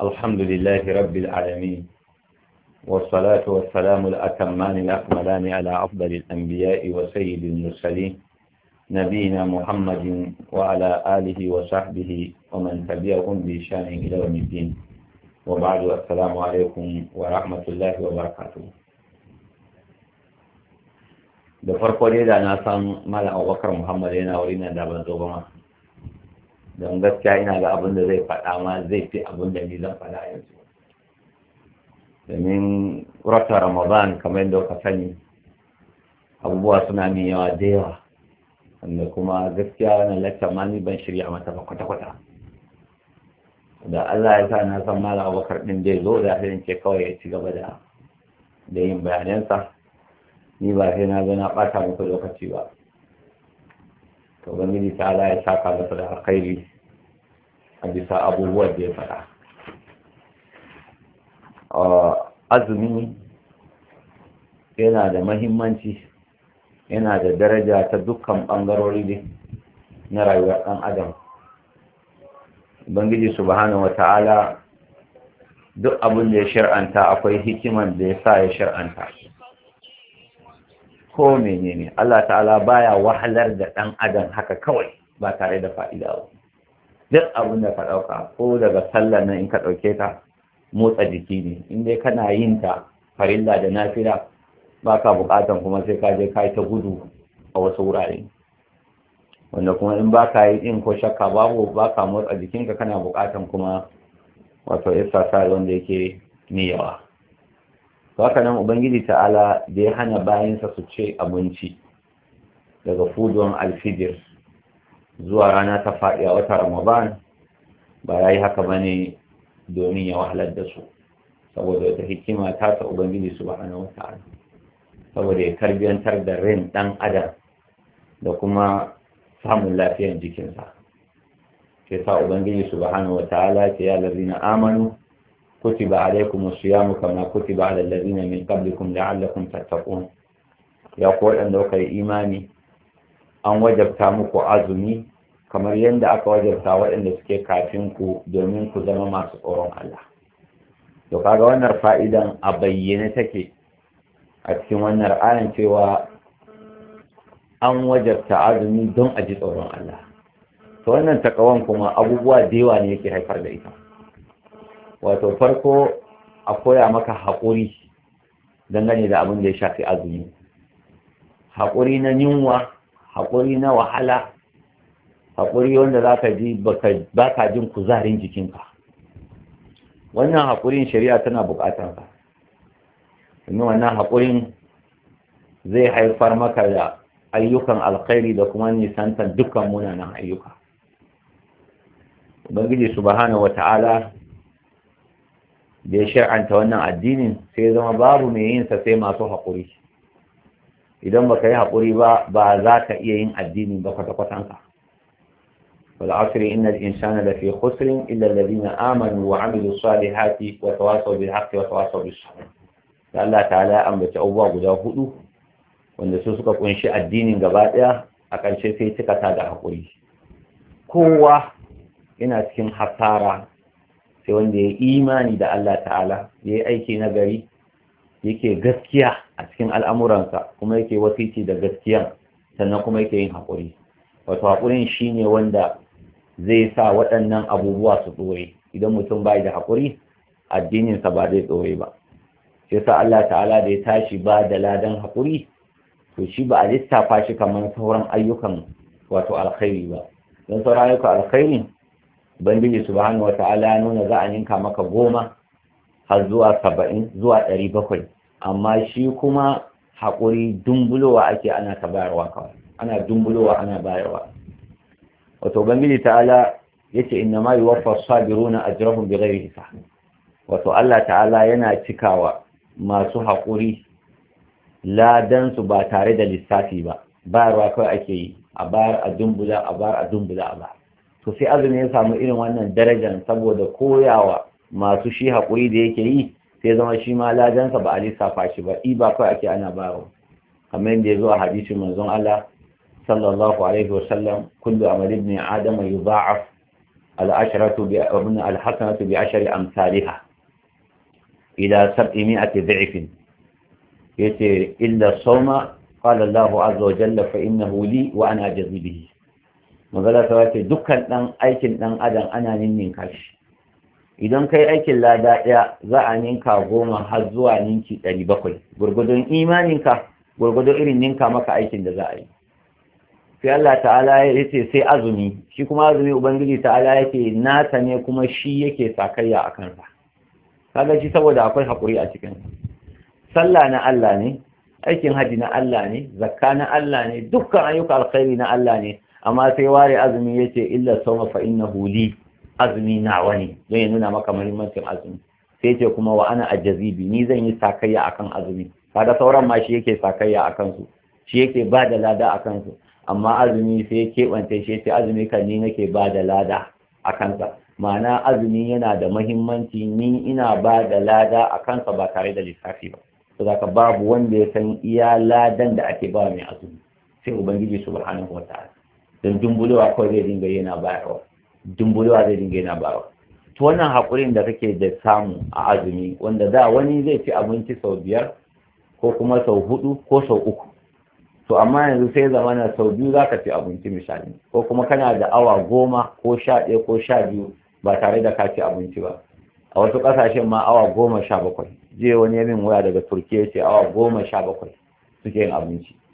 الحمد لله رب العالمين والصلاة والسلام الأتمان الأكملان على أفضل الأنبياء وسيد المرسلين نبينا محمد وعلى آله وصحبه ومن تبعهم بشان إلى يوم الدين وبعد السلام عليكم ورحمة الله وبركاته da farko dai da na san malam abubakar muhammad yana wuri na da ban zo ba don gaskiya ina da abin da zai faɗa ma zai fi abin da ni zan faɗa yanzu domin rata ramadan kamar yadda ka sani abubuwa suna min yawa da yawa wanda kuma gaskiya wannan lacca ma ni ban shirya mata ba kwata-kwata da Allah ya sa na san malam abubakar ɗin zai zo da sai ce kawai ya ci gaba da da yin bayanansa ni ba sai na zo na ɓata muku lokaci ba to ubangiji ta Allah ya saka masa da alkhairi a bisa abubuwan da ya faɗa ah, azumi yana da mahimmanci yana da daraja ta dukkan ɓangarori ne na rayuwar ɗan adam bangiji subhanahu wata'ala duk abin da ya shir'anta akwai hikiman da ya sa ya shir'anta ko menene Allah ta'ala baya wahalar da ɗan adam haka kawai ba tare da fa'ida ba duk abin da ka ɗauka ko daga sallar nan in ka ɗauke ta motsa jiki ne in dai kana yin ta farilla da nafila ba ka buƙatan kuma sai ka je ka yi ta gudu a wasu wurare wanda kuma in ba ka yi in ko shakka babu ba ka motsa jikinka kana buƙatan kuma wato isa exercise wanda yake ni yawa to haka nan ubangiji ta'ala da ya hana bayansa su ce abinci daga fudon alfijir zuwa rana ta faɗi a wata ramadan ba ya yi haka ba ne domin ya wahalar da su saboda wata hikima ta ta ubangiji su ba ana wata saboda ya karbiyantar da rin ɗan adam da kuma samun lafiyar jikinsa ke sa ubangiji su ba ana wata ce ya lazina amanu su ya kuti كتب عليكم الصيام كما كتب على الذين من قبلكم ya ko waɗanda أن yi imani. an wajabta muku azumi kamar yadda aka wajabta waɗanda suke kafin ku domin ku zama masu tsoron Allah to kaga wannan fa'idan a bayyane take a cikin wannan ayan cewa an wajabta azumi don a ji tsoron Allah to wannan takawan kuma abubuwa da yawa ne yake haifar da ita wato farko a koya maka haƙuri dangane da abin da ya shafi azumi haƙuri na yunwa haƙuri na wahala haƙuri wanda za ka ji ba ka jin kuzarin jikinka wannan haƙurin shari'a tana buƙatar ka sannan wannan haƙurin zai haifar maka da ayyukan alkhairi da kuma nisantar dukkan munanan ayyuka ubangiji subhanahu wata'ala da ya shar'anta wannan addinin sai zama babu mai yin sa sai masu haƙuri idan baka yi hakuri ba ba za ka iya yin addini ba kwata-kwatanka والعصر إن الإنسان لفي خسر إلا الذين آمنوا وعملوا الصالحات وتواصوا بالحق وتواصوا بالصبر Allah ta'ala ambaci abubuwa guda huɗu, wanda su suka kunshi addinin gaba daya a ƙarshe sai suka ta da hakuri. kowa yana cikin hasara sai wanda ya imani da Allah ta'ala ya yi aiki na gari yake gaskiya a cikin al'amuransa kuma yake wasici da gaskiya sannan kuma yake yin haƙuri wato haƙurin shi ne wanda zai sa waɗannan abubuwa su tsoye idan mutum bai da haƙuri addininsa ba zai tsoye ba sai sa Allah ta'ala da ya tashi ba da ladan haƙuri to shi ba a littafa shi kamar sauran ayyukan wato alkhairi ba don sauran ayyukan alkhairi ubangiji subhanahu wata'ala ya nuna za a ninka maka goma har zuwa saba'in zuwa ɗari bakwai amma shi kuma haƙuri dumbulowa ake ana ta bayarwa kawai ana dumbulowa ana bayarwa wato bangiji ta'ala yace inna ma yuwaffa sabiruna ajrahum bighairi hisab wato Allah ta'ala yana cikawa masu haƙuri ladan su ba tare da lissafi ba bayarwa kawai ake yi a bayar a dumbula a bayar a dumbula a bayar to sai azumi ya samu irin wannan darajar saboda koyawa masu shi haƙuri da yake yi sai zama shi ma lajansa ba a lissafa shi ba iba kawai ake ana baro. kamar yadda ya zo a hadisin manzon Allah sallallahu alaihi wasallam kullu amal ibn adam yudha'af al-ashratu bi ibn al-hasanatu bi ashri amsalha ila 700 dha'if yace illa sawma qala Allahu azza wa jalla fa innahu li wa ana jazi magana ta wace dukkan dan aikin dan adam ana ninninka shi idan kai aikin lada ɗaya za a ninka goma har zuwa ninki ɗari bakwai gurgudun imaninka gurgudun irin ninka maka aikin da za a yi sai Allah ta'ala ya ce sai azumi shi kuma azumi ubangiji ta'ala yake nasa ne kuma shi yake sakayya a kansa kaga shi saboda akwai haƙuri a cikin sallah na Allah ne aikin haji na Allah ne zakka na Allah ne dukkan ayyuka alkhairi na Allah ne amma sai ware azumi yace illa sawma fa innahu li azumi nawa ne don ya nuna maka muhimmancin azumi sai ce kuma wa ana jazibi ni zan yi sakayya akan azumi kaga sauran ma shi yake sakayya akan su shi yake ba da lada akan su amma azumi sai ya keɓance shi yake azumi kan ni nake ba da lada a kansa ma'ana azumi yana da mahimmanci ni ina ba da lada a kansa ba tare da lissafi ba to zaka babu wanda ya san iya ladan da ake ba mai azumi sai ubangiji subhanahu wataala dan dumbulewa kawai zai dinga yana bayarwa dumbulewa zai dinga yana bawa to wannan haƙurin da kake da samu a azumi wanda da wani zai ci abinci sau biyar ko kuma sau hudu ko sau uku to amma yanzu sai zamana sau biyu za ka ci abinci misali ko kuma kana da awa goma ko sha ɗaya ko sha biyu ba tare da ka ci abinci ba a wasu ƙasashen ma awa goma sha bakwai je wani yamin waya daga turkiya ce awa goma sha bakwai suke yin abinci